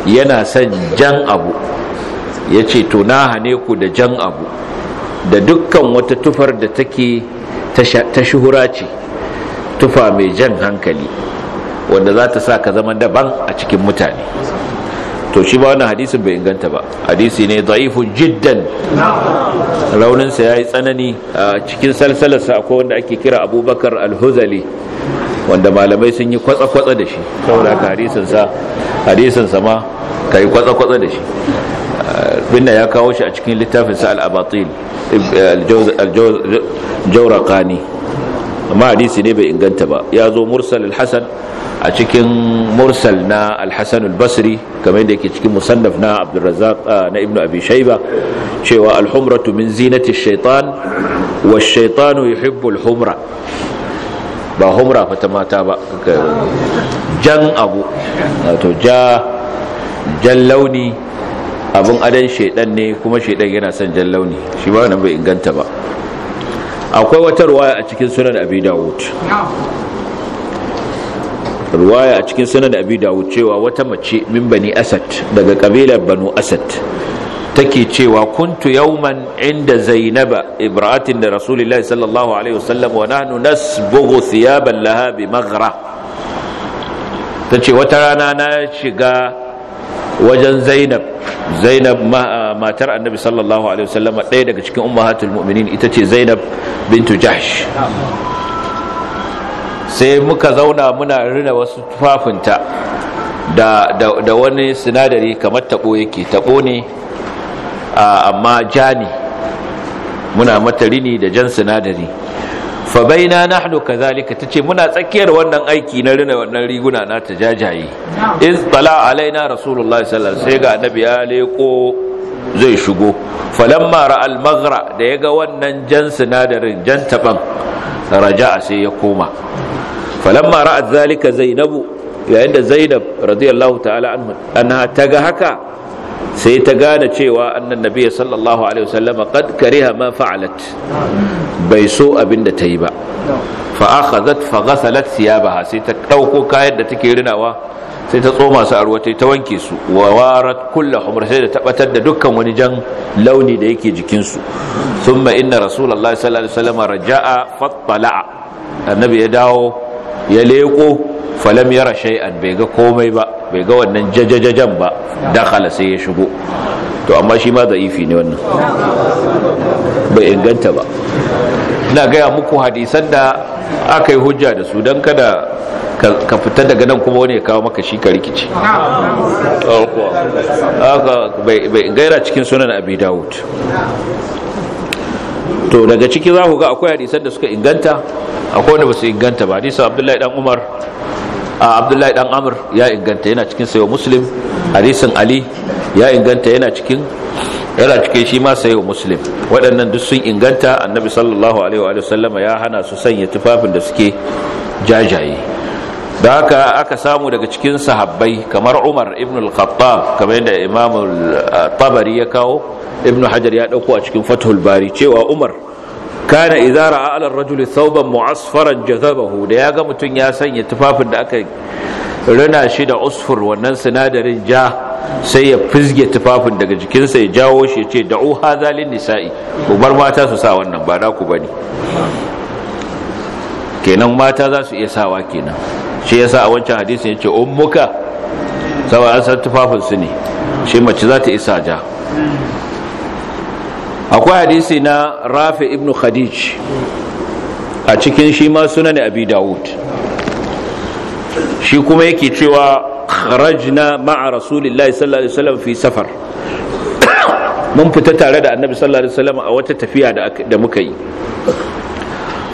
yana son jan abu Yace tona to na hane ku da jan abu da dukkan wata tufar da take ta shuhura ce tufa mai jan hankali wanda za ta sa ka zama daban a cikin mutane to shi ba wannan hadisin bai inganta ba hadisi ne za'ifu jiddan rauninsa ya yi tsanani a cikin salsalarsa akwai wanda ake kira abubakar alhuzali wanda malamai sun yi kwatsa-kwatsa da shi saboda ka hadisinsa hadisinsa ma ka yi kwatsa-kwatsa da shi binna ya kawo shi a cikin littafinsa al-abatil al-jawraqani amma hadisi ne bai inganta ba ya zo mursal al-hasan a cikin mursal na al-hasan al-basri kamar yadda yake cikin musannaf na abdurrazzaq ah, na ibnu abi shayba cewa al-humratu min zinati ash-shaytan wa ash-shaytanu yuhibbu al-humra ba humra fa ta mata ba jan abu wato ja jan launi abun adan shaydan ne kuma shaydan yana son jan launi shi ba nan bai inganta ba akwai wata ruwaya a cikin sunan abi dawud ruwaya a cikin sunan abi dawud cewa wata mace min bani asad daga kabilar banu asad take cewa kuntu yawman inda zainaba ibra'atin da rasulullahi sallallahu alaihi wasallam wa nahnu nasbughu thiyaban laha bi maghra tace wata rana na shiga wajen zainab zainab ah, matar annabi sallallahu alaihi wasallam ɗaya daga cikin ummahatul mu'minin ita ce zainab bintu jahsh sai muka zauna muna rina wasu tufafinta da, da, da wani sinadari kamar taɓo yake taɓo ne ah, amma jani muna mata rini da jan sinadari fa baina nahnu kadhalika tace muna tsakiyar wannan aiki na rina wannan riguna na ta jajaye in tala alaina rasulullahi sallallahu alaihi wasallam sai ga annabi ya leko zai shigo falamma ra da maghra da wannan jan sinadarin jan taban raja'a sai ya koma falamma ra'at zalika zainabu yayin da zainab radiyallahu ta'ala anha ta ga haka sai ta gane cewa annan nabiya sallallahu alaihi wasallama qad kariha ma fa'alat bai so abin da ta yi ba fa akhadhat fa ghasalat thiyabaha sai ta dauko kayan da take rinawa sai ta tsoma su a ruwa ta wanke su wa warat kullu humr sai da tabbatar da dukkan wani jan launi da yake jikin su thumma inna rasulullahi sallallahu alaihi wasallama raja'a bala'a. annabi ya dawo ya leko falam yara shay'an bai ga komai ba bai ga wannan jajajajan ba dakhala sai ya shigo to amma shi ma da'ifi ne wannan bai inganta ba ina gaya muku hadisan da aka yi hujja da su don kada ka fita daga nan kuma wani ya kawo maka shi ka rikici bai gaira cikin sunan abi dawud to daga ciki za ku ga akwai hadisan da suka inganta akwai wanda ba su inganta ba hadisan abdullahi dan umar abdullahi dan amr ya inganta yana cikin sayo muslim hadisin ali ya inganta yana cikin yana cikin shi ma sayo muslim waɗannan duk sun inganta annabi sallallahu alaihi wa sallama ya hana su sanya tufafin da suke jajaye da haka aka samu daga cikin sahabbai kamar umar ibn al-khattab kamar yadda imam tabari ya kawo ibn hajar ya dauko a cikin fathul bari cewa umar kana izara ra'a ala rajuli thawban mu'asfaran jazabahu da ga mutum ya sanya tufafin da aka rina shi da usfur wannan sinadarin ja sai ya fizge tufafin daga jikinsa ya jawo shi ya ce da'u hadha lin nisa'i ku bar mata su sa wannan ba da ku bane kenan mata za su iya sawa kenan shi yasa a wancan hadisin yace ummuka sawa an san tufafin su ne shi mace za ta isa ja akwai hadisi na rafi ibn khadij a cikin shi ma sunan abi dawud shi kuma yake cewa kharajna ma'a rasulillahi sallallahu alaihi wasallam fi safar mun fita tare da annabi sallallahu alaihi wasallam a wata tafiya da muka yi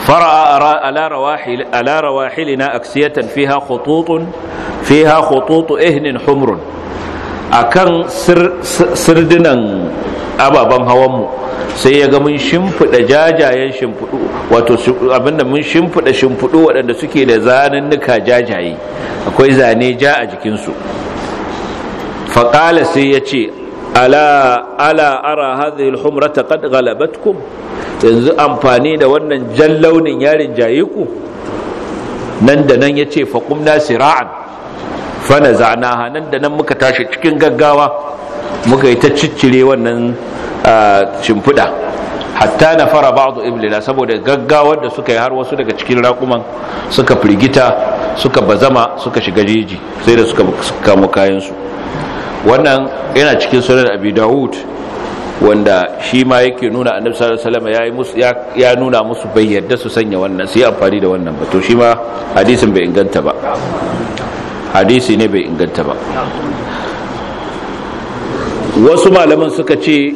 fara'a ala rawahil ala rawahilina aksiyatan fiha khututun fiha khututu ihnin humrun akan sirdinan ababen hawanmu sai ya ga mun shimfiɗa jajayen shimfiɗu wato abinda mun shimfiɗa shimfiɗu waɗanda suke da zanannuka jajaye akwai zane ja a jikinsu faƙala sai ya ce ala ala ara hadhihi alhumra qad ghalabatkum yanzu amfani da wannan jan launin yarin jaye ku nan da nan yace faqumna sira'an fanaza'naha nan da nan muka tashi cikin gaggawa muka yi ta ciccire wannan shimfiɗa hatta na fara ba'adu iblila saboda gaggawar da suka yi har wasu daga cikin raƙuman suka firgita suka bazama suka shiga jeji sai da suka kamo kayansu wannan yana cikin sunan abi dawud wanda shi ma yake nuna annabi sallallahu alaihi wasallam ya nuna musu bai yadda su sanya wannan su yi amfani da wannan bato. shi ma hadisin bai inganta ba hadisi ne bai inganta ba wasu malaman suka ce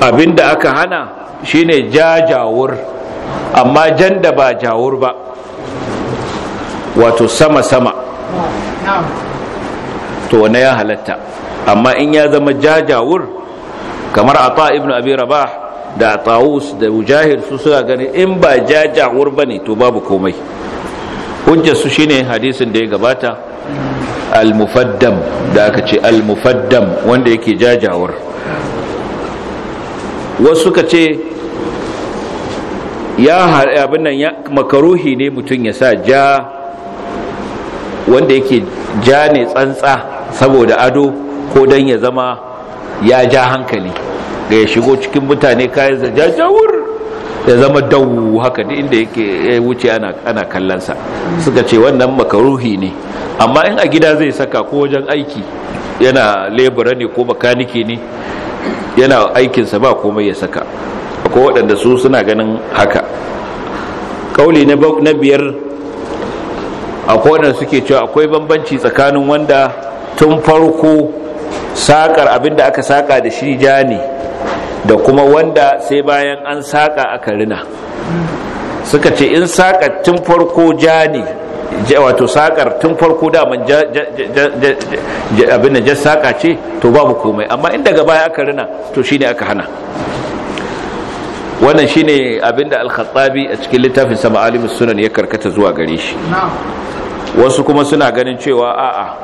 abinda aka hana shine jajawur amma jan da ba jawur ba wato sama-sama to wane ya halatta amma in ya zama jajawur kamar a ata ibn abi rabah da tawus da mujahir su suka gani in ba jajawur bane to babu komai hujjar su shine hadisin da ya gabata al-mufaddam da aka ce al-mufaddam wanda yake jajawar wasu suka ce ya abin nan ya makaruhi ne mutum ya sa ja wanda yake ja ne tsantsa saboda ado ko dan ya zama ya ja hankali ga ya shigo cikin mutane kayan zajajawar ya zama dawu haka duk inda yake ya wuce ana ana kallansa suka ce wannan makaruhi ne amma in a gida zai saka ko wajen aiki yana lebura ne ko makaniki ne yana aikinsa ba komai ya saka ko waɗanda su suna ganin haka kauli na biyar akwai waɗanda suke cewa akwai bambanci tsakanin wanda tun farko sakar abinda aka saka da shi ja ne da kuma wanda sai bayan an saƙa aka rina suka ce in saƙa tun farko ja ne wato saƙar tun farko daman abin da ja saƙa ce to babu komai amma in daga baya aka rina to shine aka hana wannan shine abin da al a cikin littafin sama alimus sunan ya karkata zuwa gare shi wasu kuma suna ganin cewa a'a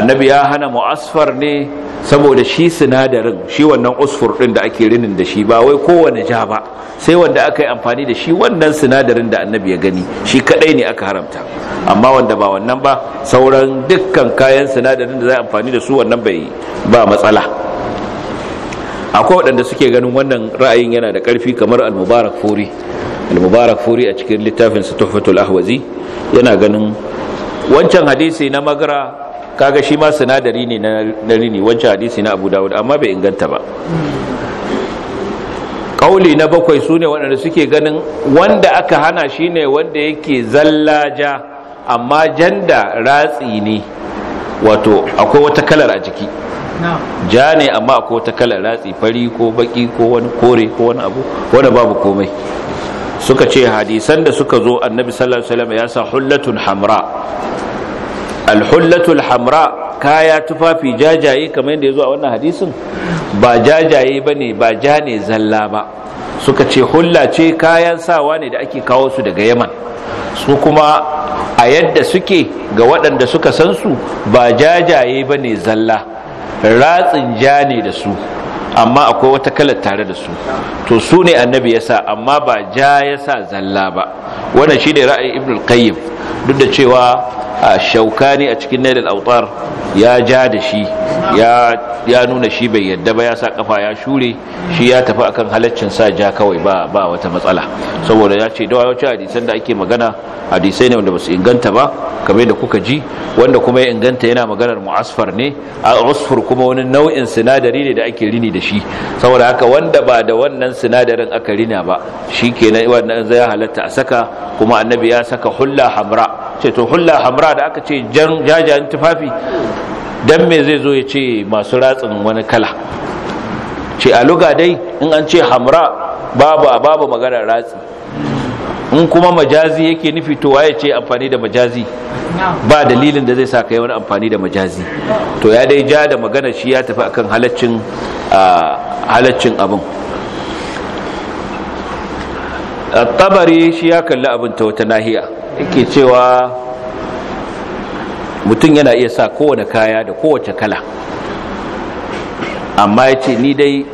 annabi ya hana mu'asfar ne saboda shi sinadarin shi wannan usfur din da ake rinin da shi ba wai kowane ja ba sai wanda aka yi amfani da shi wannan sinadarin da annabi ya gani shi kadai ne aka haramta amma wanda ba wannan ba sauran dukkan kayan sinadarin da za a amfani da su wannan bai ba matsala akwai waɗanda suke ganin wannan ra'ayin yana da ƙarfi kamar al-mubarak furi al-mubarak furi a cikin littafin sa tuhfatul ahwazi yana ganin wancan hadisi na magara kaga shi ma sinadari ne na rini wancan hadisi na abu dawud amma bai inganta ba kauli na bakwai su ne waɗanda suke ganin wanda aka hana shi ne wanda yake zallaja amma janda ratsi ne wato akwai wata kalar a jiki ja ne amma akwai wata kalar ratsi fari ko baki ko wani kore ko wani abu wanda babu komai suka ce hadisan da suka zo annabi sallallahu alaihi wasallam ya sa hullatun hamra alhullatul hamra kaya tufafi jajaye kamar yadda ya zo a wannan hadisin ba jajaye ba ne ba ja ne zalla ba suka ce hulla ce kayan sawa ne da ake kawo su daga yaman su kuma a yadda suke ga waɗanda suka san su ba jajaye ba ne zalla ratsin ja ne da su amma akwai wata kalar tare da su to su ne annabi ya sa amma ba ja ya sa zalla ba wannan shi ne ra'ayin ibn al qayyim duk da cewa shaukani a cikin nailal autar ya ja da shi ya nuna shi bai yadda ba ya sa kafa ya shure shi ya tafi akan halaccin sa ja kawai ba ba wata matsala saboda ya ce dawa wacce hadisan da ake magana hadisai ne wanda ba su inganta ba kamar da kuka ji wanda kuma ya inganta yana maganar mu'asfar ne a usfur kuma wani nau'in sinadari ne da ake rini da shi saboda haka wanda ba da wannan sinadarin aka rina ba shi kenan wannan zai halatta a saka kuma annabi ya saka hulla hamra ce to hulla hamra da aka ce jajayen tufafi don me zai zo ya ce masu ratsin wani kala ce a luga dai in an ce hamra babu a babu maganar ratsi in kuma majazi yake nufi to waye ce amfani da majazi ba dalilin da zai sa kai wani amfani da majazi to ya dai ja da magana shi ya tafi akan halaccin halaccin abin tabari shi ya kalli abin ta wata nahiya yake cewa mutum yana iya sa kowane kaya da kowace kala amma ya ce ni dai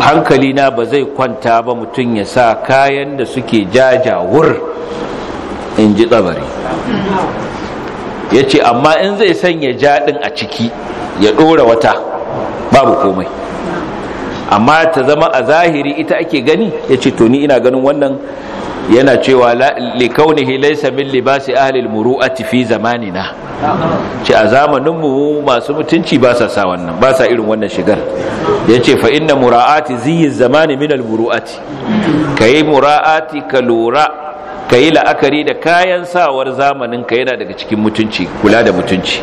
hankali na ba zai kwanta ba mutum ya sa kayan da suke jajawur in ji tsabari ya ce amma in zai sanya jaɗin a ciki ya ɗora wata babu komai amma ta zama a zahiri ita ake gani ya ce to ni ina ganin wannan yana cewa li kaunihi laysa min libasi ahli muru'ati fi zamanina ce a zamanin mu masu mutunci ba sa sa wannan ba sa irin wannan shigar yace fa inna mura'ati ziyi zamani min almuru'ati kai mura'ati ka lura kai la'akari da kayan sawar zamanin ka yana daga cikin mutunci kula da mutunci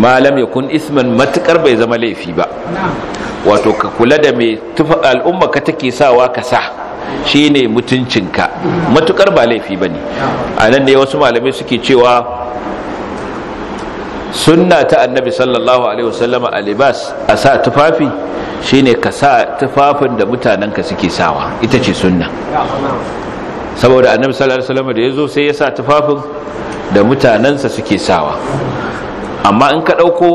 malam yakun isman matukar bai zama laifi ba wato ka kula da me al'umma ka take sawa ka sa shine mutuncinka matukar ba laifi bane a nan ne wasu malamai suke cewa sunna ta annabi sallallahu alaihi wasallama a libas a sa tufafi shine ka sa tufafin da mutanenka suke sawa ita ce sunna saboda annabi sallallahu alaihi wasallama da yazo sai ya sa tufafin da mutanensa suke sawa amma in ka ɗauko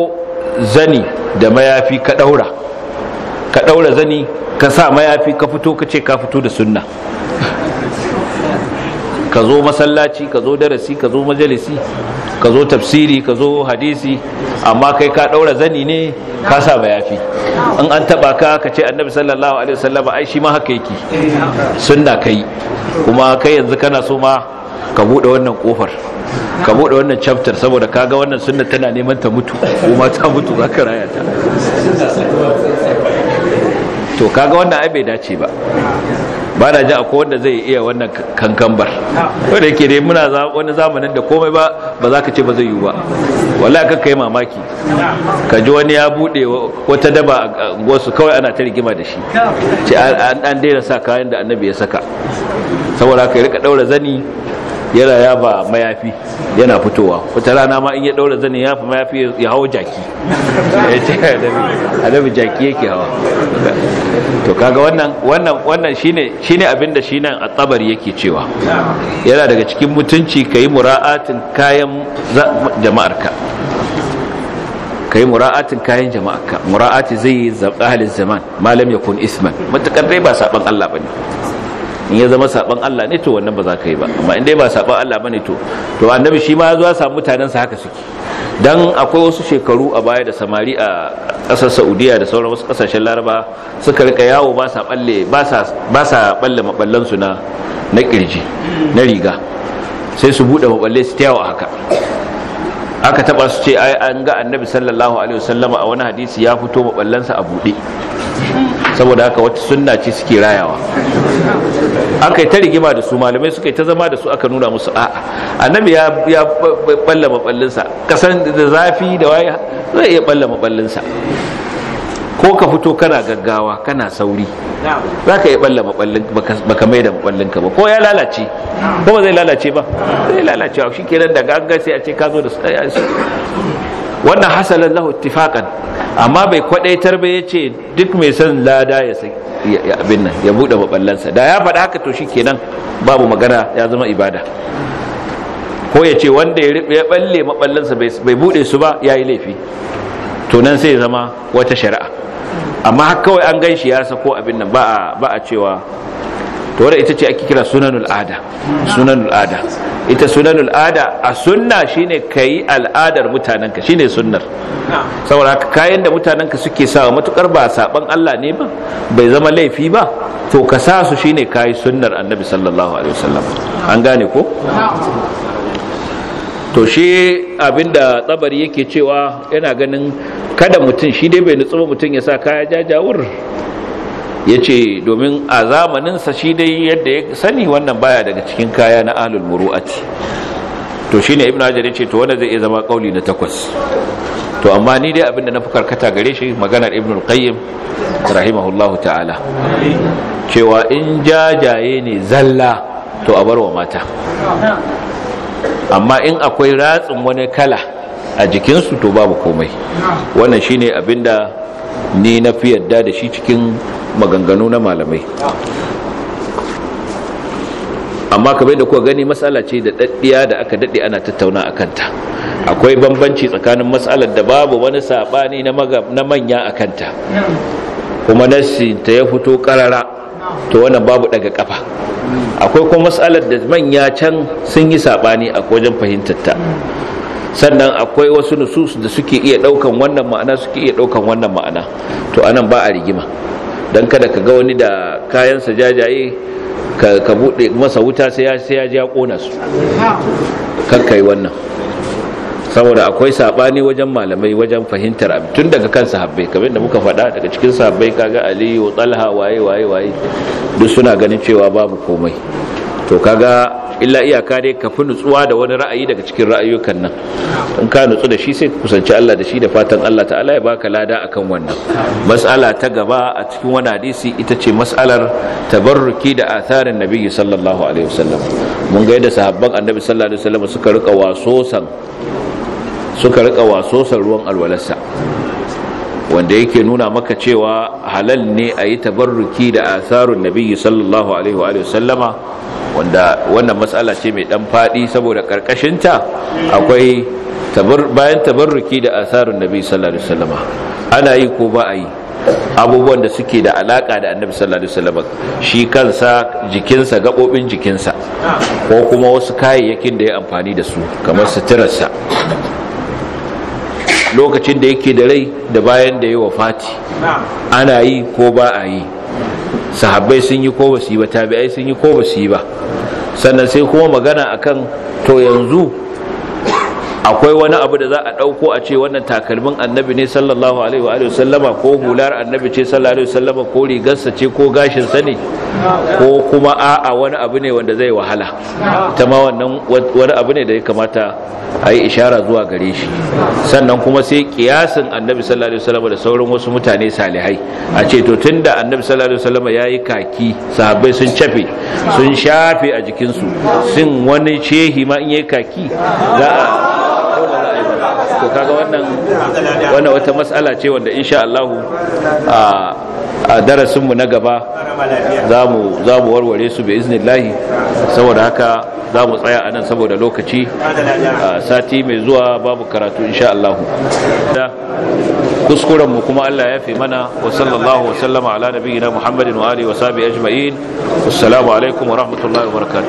zani da mayafi ka ɗaura. ka ɗaura zani ka sa mayafi ka fito ka ce ka fito da sunna ka zo masallaci ka zo darasi ka zo majalisi ka zo tafsiri ka zo hadisi amma kai ka ɗaura zani ne ka sa mayafi in an taba ka ka ce annabi sallallahu alaihi wasallam ai shi ma haka yake sunna kai kuma kai yanzu kana so ma ka bude wannan kofar ka bude wannan chapter saboda kaga wannan sunna tana neman ta mutu kuma ta mutu zaka raya to kaga wannan ai bai dace ba ba na ji akwai wanda zai iya wannan kankambar wanda yake dai muna wani zamanin da komai ba ba za ka ce ba zai yi ba wallahi ka kai mamaki ka ji wani ya bude wata daba a gosu kawai ana ta rigima da shi ce an daina sa kayan da annabi ya saka saboda ka rika daura zani yana yaba mayafi yana fitowa wata rana ma in ya daura ya yafi mayafi ya hawa jaki annabi jaki yake hawa to kaga wannan wannan wannan shine shine abinda shi a tsabari yake cewa yana daga cikin mutunci kai mura'atin kayan jama'arka kai mura'atin kayan jama'arka mura'ati zai zaɓi halin zaman malam yakun isman Matuƙar dai ba saban Allah bane in ya zama saban Allah ne to wannan ba za ka yi ba amma in dai ba saban Allah bane to to annabi shi ma ya zo ya samu mutanen sa haka suke dan akwai wasu shekaru a baya da samari a ƙasar Saudiya da sauran wasu kasashen Laraba suka rika yawo ba sa balle ba sa ba sa balle maballan su na na kirji na riga sai su bude maballe su tayawa haka aka taba su ce ai an ga annabi sallallahu alaihi wasallama a wani hadisi ya fito maballansa a bude saboda haka wata sunna ce suke rayawa An kai ta rigima da su malamai suka yi ta zama da su aka nuna musu a'a annabi ya ya balla maballinsa kasan da zafi da waye zai iya balla maballinsa ko ka fito kana gaggawa kana sauri za ka iya balla maballin baka mai da maballinka ba ko ya lalace ko ba zai lalace ba zai lalace shi kenan daga an sai a ce ka zo da wannan hasalan lahu ittifaqan amma bai kwadaitar ba yace duk mai son lada ya abin nan ya bude da ya faɗa haka to shikenan babu magana ya zama ibada ko ya ce wanda ya balle maballansa bai bude su ba yayi laifi to nan sai zama wata shari'a amma kawai an gan shi ya ko abin nan ba a cewa to wadda ita ce ake kira sunanul ada sunanul ada ita sunanul ada a sunna shine kayi al'adar mutanenka shine sunnar saboda haka kayan da mutanen ka suke sawa matukar ba saban Allah ne ba bai zama laifi ba to ka sa su shine kayi sunnar annabi sallallahu alaihi wasallam an gane ko to shi abinda tsabari yake cewa yana ganin kada mutum shi dai bai nutsu mutum ya sa kaya jajawur ya ce domin a zamaninsa shi dai yadda ya sani wannan baya daga cikin kaya na ahlul muru'ati to shine ibnu hajar ya ce to wanda zai iya zama kauli na takwas to amma ni dai abinda na fi karkata gare shi maganar ibnu al-qayyim rahimahullahu ta'ala cewa in jajaye ne zalla to a barwa mata amma in akwai ratsin wani kala a jikinsu to babu komai wannan shine abinda ni na fi yadda da shi cikin maganganu na malamai amma kamar da kuwa gani matsala ce da daddiya da aka daɗe ana tattauna a kanta akwai bambanci tsakanin matsalar da babu wani sabani na manya a kanta kuma ta ya fito karara to wannan babu daga kafa akwai kuma matsalar da manya can sun yi saɓani a wajen fahimtar ta sannan akwai wasu nusus da suke iya daukan wannan ma'ana suke iya daukan wannan ma'ana to anan ba a rigima dan kada ka ga wani da kayansa jajaye ka bude masa wuta sai ya ja ƙona su kakkai wannan saboda akwai sabani wajen malamai wajen fahimtar tun daga kansa Habbai, kamar da muka faɗa daga cikin sabbai kaga aliyu talha waye waye waye duk suna ganin cewa babu komai to kaga illa iyaka dai ka fi nutsuwa da wani ra'ayi daga cikin ra'ayoyin nan in ka nutsu da shi sai ka kusanci Allah da shi da fatan Allah ta'ala ya baka lada akan wannan mas'ala ta gaba a cikin wani hadisi ita ce mas'alar tabarruki da atharin nabiyyi sallallahu alaihi wasallam mun ga yadda sahabban annabi sallallahu alaihi wasallam suka rika wasosan suka rika ruwan alwalarsa wanda yake nuna maka cewa halal ne a yi tabarruki da asarin nabiyyi sallallahu alaihi wa sallama wanda wannan matsala ce mai dan fadi saboda ta akwai bayan tabarruki da asarun nabi sallallahu alaihi wasallama ana yi ko ba a yi abubuwan da suke da alaka da annabi sallallahu alaihi wasallama shi kansa jikinsa gabobin jikinsa ko kuma wasu kayayyakin da ya amfani da su kamar suturarsa lokacin da yake da rai da bayan da ya wafati ana yi ko ba a yi sahabbai sun yi ko ba yi ba tabi'ai sun yi ko ba yi ba sannan sai kuma magana akan to yanzu akwai wani abu da za a ɗauko a ce wannan takalmin annabi ne sallallahu alaihi wa sallama ko hular annabi ce sallallahu alaihi wa sallama ko rigarsa ce ko gashinsa ne ko kuma a'a wani abu ne wanda zai wahala ita ma wannan wani abu ne da ya kamata a yi ishara zuwa gare shi sannan kuma sai kiyasin annabi sallallahu alaihi wa sallama da sauran wasu mutane salihai a ce to tunda annabi sallallahu alaihi wa sallama ya yi kaki sahabbai sun cafe sun shafe a jikinsu sun wani shehi ma in yi kaki za a kaga wannan wannan wata matsala ce wanda insha Allah a darasin mu na gaba zamu zamu warware su bi iznillahi saboda haka zamu tsaya a nan saboda lokaci sati mai zuwa babu karatu insha Allah kuskuren mu kuma Allah ya fi mana wa sallallahu wa sallama ala nabiyina Muhammadin wa alihi wa sahbihi ajma'in assalamu alaikum wa rahmatullahi wa barakatuh